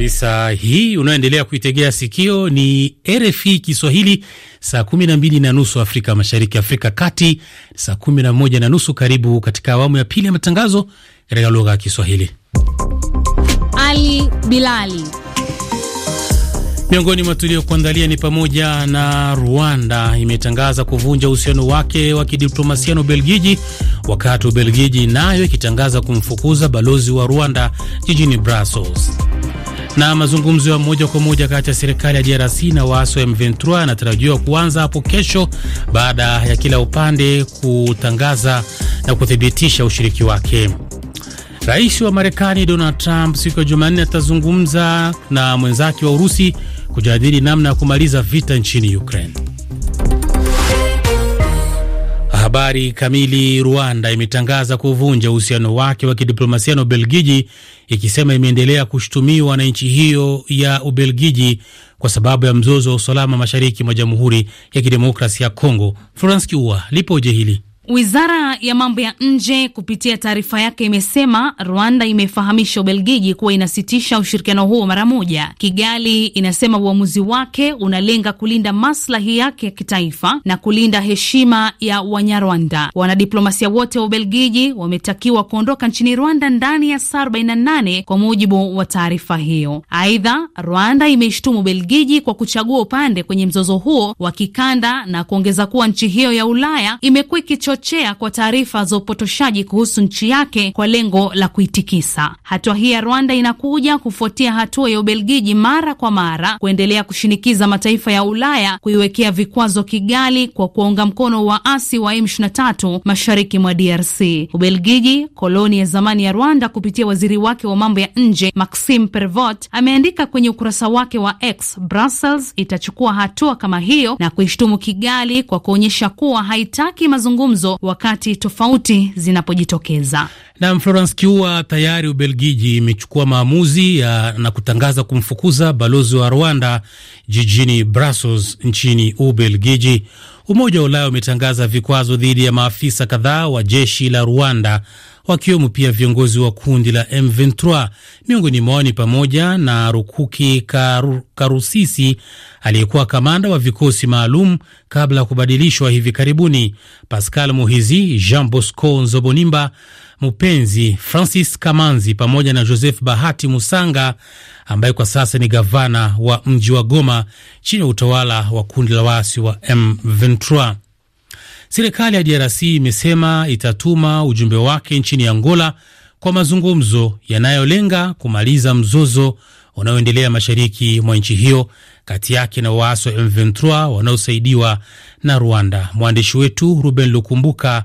kabisa. Hii unayoendelea kuitegea sikio ni RFI Kiswahili, saa kumi na mbili na nusu Afrika Mashariki, Afrika Kati saa kumi na moja na nusu Karibu katika awamu ya pili ya matangazo katika lugha ya Kiswahili. Ali Bilali. Miongoni mwa tuliokuandalia ni pamoja na Rwanda imetangaza kuvunja uhusiano wake wa kidiplomasia na Ubelgiji, wakati Ubelgiji nayo ikitangaza kumfukuza balozi wa Rwanda jijini Brussels. Na mazungumzo ya moja kwa moja kati ya serikali ya DRC na waasi wa M23 yanatarajiwa kuanza hapo kesho baada ya kila upande kutangaza na kuthibitisha ushiriki wake. Rais wa Marekani Donald Trump siku ya Jumanne atazungumza na mwenzake wa Urusi kujadili namna ya kumaliza vita nchini Ukraine. Habari kamili. Rwanda imetangaza kuvunja uhusiano wake wa kidiplomasia na Ubelgiji ikisema imeendelea kushutumiwa na nchi hiyo ya Ubelgiji kwa sababu ya mzozo wa usalama mashariki mwa Jamhuri ya kidemokrasi ya congo Florence Kiua lipoje hili Wizara ya mambo ya nje kupitia taarifa yake imesema Rwanda imefahamisha Ubelgiji kuwa inasitisha ushirikiano huo mara moja. Kigali inasema uamuzi wake unalenga kulinda maslahi yake ya kitaifa na kulinda heshima ya Wanyarwanda. Wanadiplomasia wote wa Ubelgiji wametakiwa kuondoka nchini Rwanda ndani ya saa 48 kwa mujibu wa taarifa hiyo. Aidha, Rwanda imeishtumu Ubelgiji kwa kuchagua upande kwenye mzozo huo wa kikanda na kuongeza kuwa nchi hiyo ya Ulaya imekuwa ikicho kuchochea kwa taarifa za upotoshaji kuhusu nchi yake kwa lengo la kuitikisa. Hatua hii ya Rwanda inakuja kufuatia hatua ya Ubelgiji mara kwa mara kuendelea kushinikiza mataifa ya Ulaya kuiwekea vikwazo Kigali kwa kuwaunga mkono waasi wa M23 mashariki mwa DRC. Ubelgiji, koloni ya zamani ya Rwanda, kupitia waziri wake wa mambo ya nje Maxime Prevot ameandika kwenye ukurasa wake wa X, Brussels itachukua hatua kama hiyo na kuishtumu Kigali kwa kuonyesha kuwa haitaki mazungumzo hizo wakati tofauti zinapojitokeza. nam Florence Kiua, tayari Ubelgiji imechukua maamuzi ya na kutangaza kumfukuza balozi wa Rwanda jijini Brussels nchini Ubelgiji. Umoja wa Ulaya umetangaza vikwazo dhidi ya maafisa kadhaa wa jeshi la Rwanda wakiwemo pia viongozi wa kundi la M23. Miongoni mwao ni pamoja na Rukuki Karu, Karusisi aliyekuwa kamanda wa vikosi maalum kabla ya kubadilishwa hivi karibuni, Pascal Muhizi, Jean Bosco Nzobonimba Mupenzi, Francis Kamanzi pamoja na Joseph Bahati Musanga ambaye kwa sasa ni gavana wa mji wa Goma chini ya utawala wa kundi la waasi wa M23. Serikali ya DRC imesema itatuma ujumbe wake nchini Angola kwa mazungumzo yanayolenga kumaliza mzozo unaoendelea mashariki mwa nchi hiyo kati yake na waasi wa M23 wanaosaidiwa na Rwanda. Mwandishi wetu Ruben Lukumbuka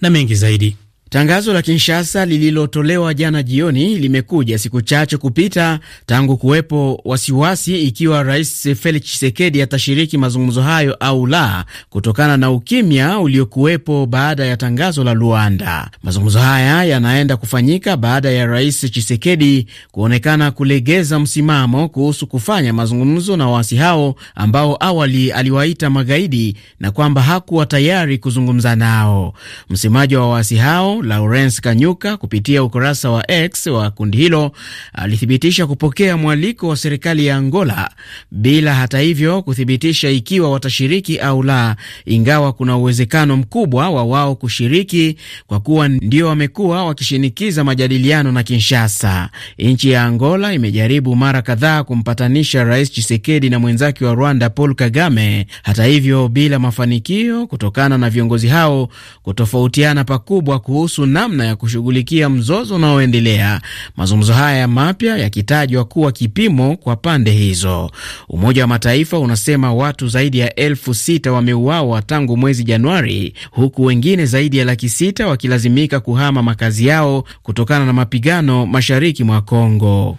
na mengi zaidi. Tangazo la Kinshasa lililotolewa jana jioni limekuja siku chache kupita tangu kuwepo wasiwasi ikiwa Rais Felix Tshisekedi atashiriki mazungumzo hayo au la, kutokana na ukimya uliokuwepo baada ya tangazo la Luanda. Mazungumzo haya yanaenda kufanyika baada ya Rais Tshisekedi kuonekana kulegeza msimamo kuhusu kufanya mazungumzo na waasi hao ambao awali aliwaita magaidi na kwamba hakuwa tayari kuzungumza nao. Msemaji wa waasi hao Lawrence Kanyuka kupitia ukurasa wa X wa kundi hilo alithibitisha kupokea mwaliko wa serikali ya Angola bila hata hivyo kuthibitisha ikiwa watashiriki au la, ingawa kuna uwezekano mkubwa wa wao kushiriki kwa kuwa ndio wamekuwa wakishinikiza majadiliano na Kinshasa. Nchi ya Angola imejaribu mara kadhaa kumpatanisha Rais chisekedi na mwenzake wa Rwanda Paul Kagame, hata hivyo bila mafanikio kutokana na viongozi hao kutofautiana pakubwa kuhusu kuhusu namna ya kushughulikia mzozo unaoendelea, mazungumzo haya mapya yakitajwa kuwa kipimo kwa pande hizo. Umoja wa Mataifa unasema watu zaidi ya elfu sita wameuawa tangu mwezi Januari, huku wengine zaidi ya laki sita wakilazimika kuhama makazi yao kutokana na mapigano mashariki mwa Kongo.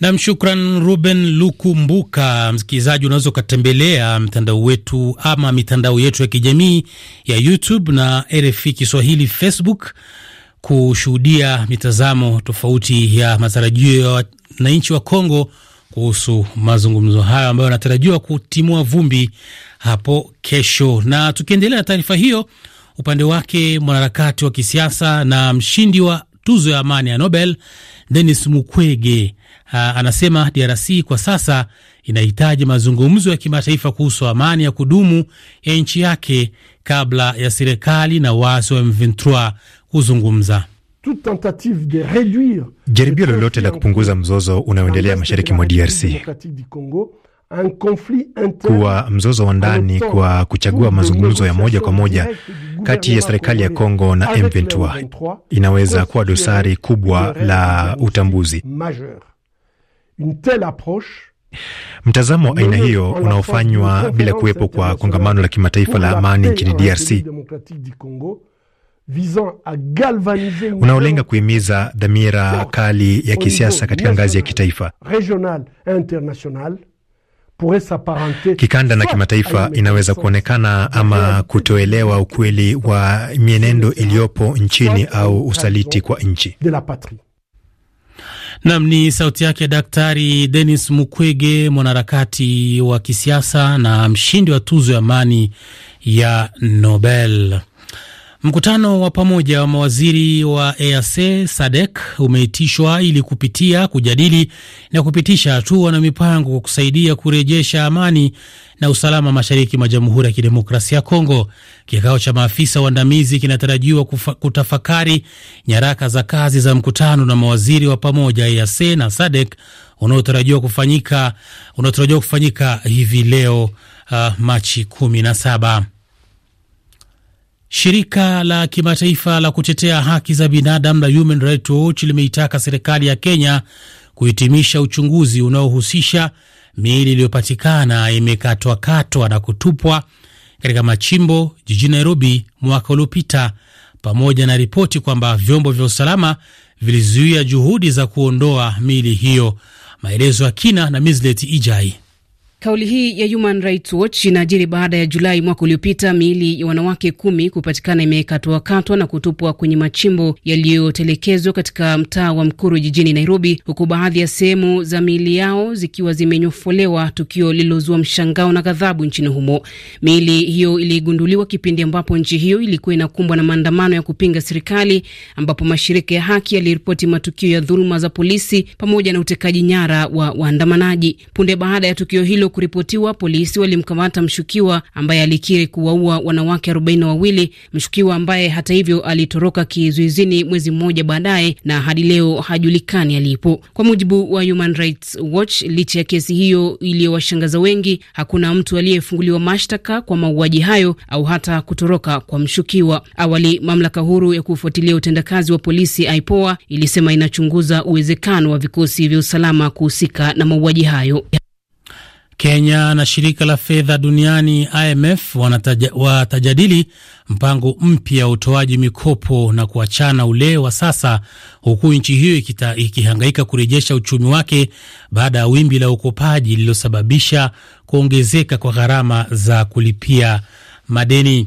Nam, shukran Ruben Lukumbuka. Msikilizaji, unaweza ukatembelea mtandao wetu ama mitandao yetu ya kijamii ya YouTube na RFI Kiswahili Facebook kushuhudia mitazamo tofauti ya matarajio ya wananchi wa Kongo kuhusu mazungumzo hayo ambayo yanatarajiwa kutimua vumbi hapo kesho. Na tukiendelea na taarifa hiyo, upande wake mwanaharakati wa kisiasa na mshindi wa tuzo ya amani ya Nobel Denis Mukwege Ha, anasema DRC kwa sasa inahitaji mazungumzo ya kimataifa kuhusu amani ya kudumu ya nchi yake kabla ya serikali na waasi wa M23 kuzungumza. Jaribio lolote la kupunguza mzozo unaoendelea mashariki mwa DRC kuwa mzozo wa ndani kwa kuchagua mazungumzo ya moja kwa moja kati ya serikali ya Kongo na M23 inaweza kuwa dosari kubwa la utambuzi. Mtazamo wa aina hiyo unaofanywa bila kuwepo kwa kongamano la kimataifa la amani nchini DRC unaolenga kuhimiza dhamira kali ya kisiasa katika ngazi ya kitaifa, kikanda na kimataifa, inaweza kuonekana ama kutoelewa ukweli wa mienendo iliyopo nchini au usaliti kwa nchi. Nam ni sauti yake Daktari Denis Mukwege, mwanaharakati wa kisiasa na mshindi wa tuzo ya amani ya Nobel. Mkutano wa pamoja wa mawaziri wa EAC SADEK umeitishwa ili kupitia, kujadili na kupitisha hatua na mipango kwa kusaidia kurejesha amani na usalama mashariki mwa Jamhuri ya Kidemokrasia ya Kongo. Kikao cha maafisa waandamizi kinatarajiwa kutafakari nyaraka za kazi za mkutano na mawaziri wa pamoja EAC na SADEK unaotarajiwa kufanyika, unaotarajiwa kufanyika hivi leo uh, Machi 17. Shirika la kimataifa la kutetea haki za binadamu la Human Rights Watch limeitaka serikali ya Kenya kuhitimisha uchunguzi unaohusisha miili iliyopatikana imekatwakatwa na kutupwa katika machimbo jijini Nairobi mwaka uliopita, pamoja na ripoti kwamba vyombo vya usalama vilizuia juhudi za kuondoa miili hiyo. Maelezo ya kina na Mislet Ijai. Kauli hii ya Human Rights Watch inaajiri baada ya Julai mwaka uliopita miili ya wanawake kumi kupatikana imekatwakatwa na kutupwa kwenye machimbo yaliyotelekezwa katika mtaa wa Mkuru jijini Nairobi, huku baadhi ya sehemu za miili yao zikiwa zimenyofolewa, tukio lililozua mshangao na ghadhabu nchini humo. Miili hiyo iligunduliwa kipindi ambapo nchi hiyo ilikuwa inakumbwa na maandamano ya kupinga serikali, ambapo mashirika ya haki yaliripoti matukio ya dhuluma za polisi pamoja na utekaji nyara wa waandamanaji. Punde baada ya tukio hilo kuripotiwa, polisi walimkamata mshukiwa ambaye alikiri kuwaua wanawake arobaini na wawili, mshukiwa ambaye hata hivyo alitoroka kizuizini mwezi mmoja baadaye na hadi leo hajulikani alipo, kwa mujibu wa Human Rights Watch. Licha ya kesi hiyo iliyowashangaza wengi, hakuna mtu aliyefunguliwa mashtaka kwa mauaji hayo au hata kutoroka kwa mshukiwa. Awali, mamlaka huru ya kufuatilia utendakazi wa polisi IPOA ilisema inachunguza uwezekano wa vikosi vya usalama kuhusika na mauaji hayo. Kenya na shirika la fedha duniani IMF wanataja, watajadili mpango mpya wa utoaji mikopo na kuachana ule wa sasa, huku nchi hiyo ikihangaika kurejesha uchumi wake baada ya wimbi la ukopaji lililosababisha kuongezeka kwa gharama za kulipia madeni.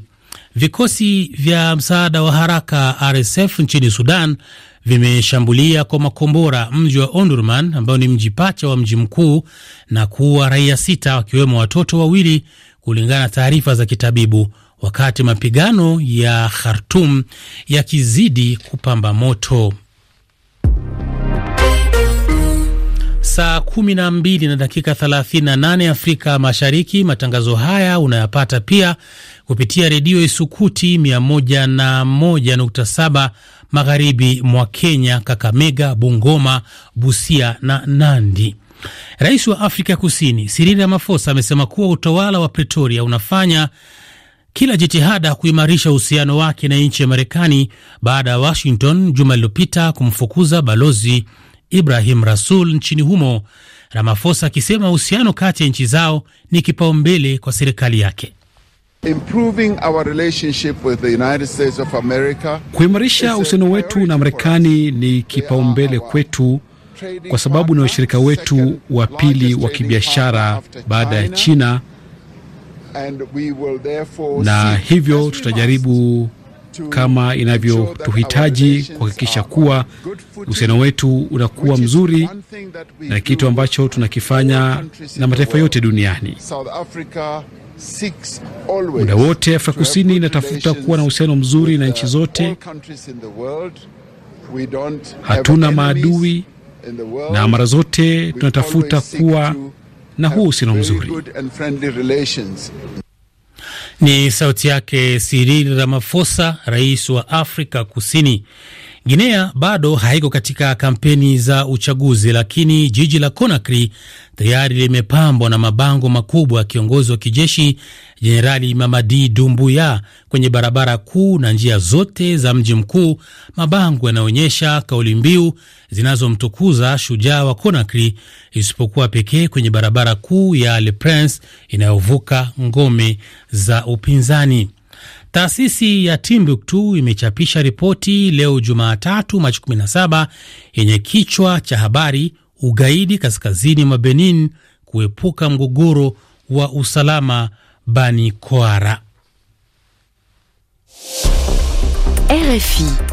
Vikosi vya msaada wa haraka RSF nchini Sudan vimeshambulia kwa makombora mji wa ondurman ambao ni mji pacha wa mji mkuu na kuua raia sita wakiwemo watoto wawili, kulingana na taarifa za kitabibu, wakati mapigano ya Khartum yakizidi kupamba moto. Saa 12 na dakika 38 Afrika Mashariki. Matangazo haya unayapata pia kupitia redio Isukuti 101.7 magharibi mwa Kenya, Kakamega, Bungoma, Busia na Nandi. Rais wa Afrika Kusini Cyril Ramaphosa amesema kuwa utawala wa Pretoria unafanya kila jitihada kuimarisha uhusiano wake na nchi ya Marekani baada ya Washington juma lililopita kumfukuza balozi Ibrahim Rasul nchini humo, Ramaphosa akisema uhusiano kati ya nchi zao ni kipaumbele kwa serikali yake. Improving our relationship with the United States of America. Kuimarisha uhusiano wetu na Marekani ni kipaumbele kwetu kwa sababu ni washirika wetu wa pili wa kibiashara baada ya China, na hivyo tutajaribu kama inavyotuhitaji kuhakikisha kuwa uhusiano wetu unakuwa mzuri, na kitu ambacho tunakifanya na mataifa yote duniani. Muda wote Afrika Kusini inatafuta kuwa na uhusiano mzuri na nchi uh, zote. Hatuna maadui na mara zote tunatafuta kuwa na huu uhusiano mzuri. Ni sauti yake Cyril Ramaphosa, rais wa Afrika Kusini. Guinea bado haiko katika kampeni za uchaguzi, lakini jiji la Conakry tayari limepambwa na mabango makubwa ya kiongozi wa kijeshi Jenerali Mamadi Dumbuya kwenye barabara kuu na njia zote za mji mkuu, mabango yanayoonyesha kauli mbiu zinazomtukuza shujaa wa Conakry, isipokuwa pekee kwenye barabara kuu ya Le Prince inayovuka ngome za upinzani. Taasisi ya Timbuktu imechapisha ripoti leo Jumatatu Machi 17 yenye kichwa cha habari ugaidi kaskazini mwa Benin kuepuka mgogoro wa usalama Bani Koara. RFI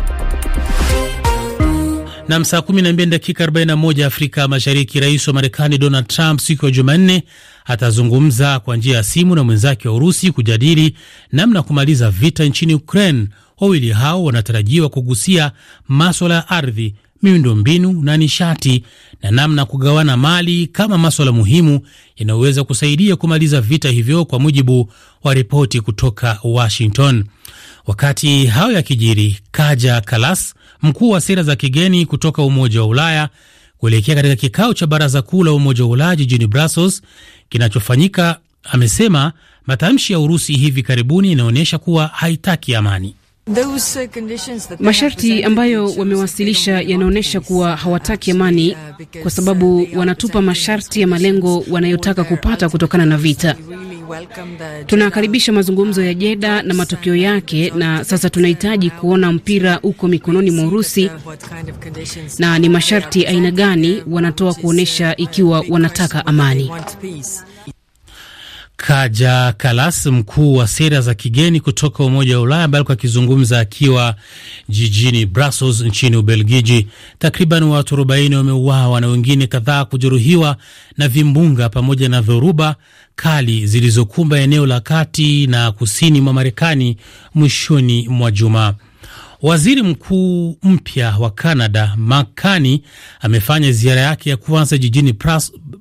Nam, saa 12 dakika 41 Afrika Mashariki. Rais wa Marekani Donald Trump siku ya Jumanne atazungumza kwa njia ya simu na mwenzake wa Urusi kujadili namna kumaliza vita nchini Ukraine. Wawili hao wanatarajiwa kugusia maswala ya ardhi, miundo mbinu na nishati na namna kugawana mali kama maswala muhimu yanayoweza kusaidia kumaliza vita hivyo, kwa mujibu wa ripoti kutoka Washington. Wakati hayo yakijiri, Kaja Kalas mkuu wa sera za kigeni kutoka Umoja wa Ulaya kuelekea katika kikao cha Baraza Kuu la Umoja wa Ulaya jijini Brussels kinachofanyika, amesema matamshi ya Urusi hivi karibuni inaonyesha kuwa haitaki amani. Masharti ambayo wamewasilisha yanaonyesha kuwa hawataki amani, kwa sababu wanatupa masharti ya malengo wanayotaka kupata kutokana na vita. Tunakaribisha mazungumzo ya Jeda na matokeo yake, na sasa tunahitaji kuona mpira uko mikononi mwa Urusi na ni masharti aina gani wanatoa uh, kuonyesha ikiwa wanataka amani. Kaja Kalas, mkuu wa sera za kigeni kutoka Umoja wa Ulaya, alikuwa akizungumza akiwa jijini Brussels nchini Ubelgiji. Takriban watu 40 wameuawa na wengine kadhaa kujeruhiwa na vimbunga pamoja na dhoruba kali zilizokumba eneo la kati na kusini mwa Marekani mwishoni mwa juma. Waziri mkuu mpya wa Canada Mark Carney amefanya ziara yake ya kwanza jijini,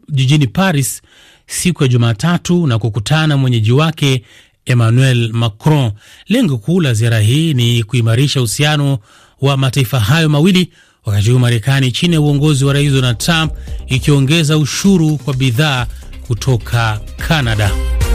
jijini Paris siku ya Jumatatu na kukutana mwenyeji wake Emmanuel Macron. Lengo kuu la ziara hii ni kuimarisha uhusiano wa mataifa hayo mawili, wakati huu Marekani chini ya uongozi wa Rais Donald Trump ikiongeza ushuru kwa bidhaa kutoka Canada.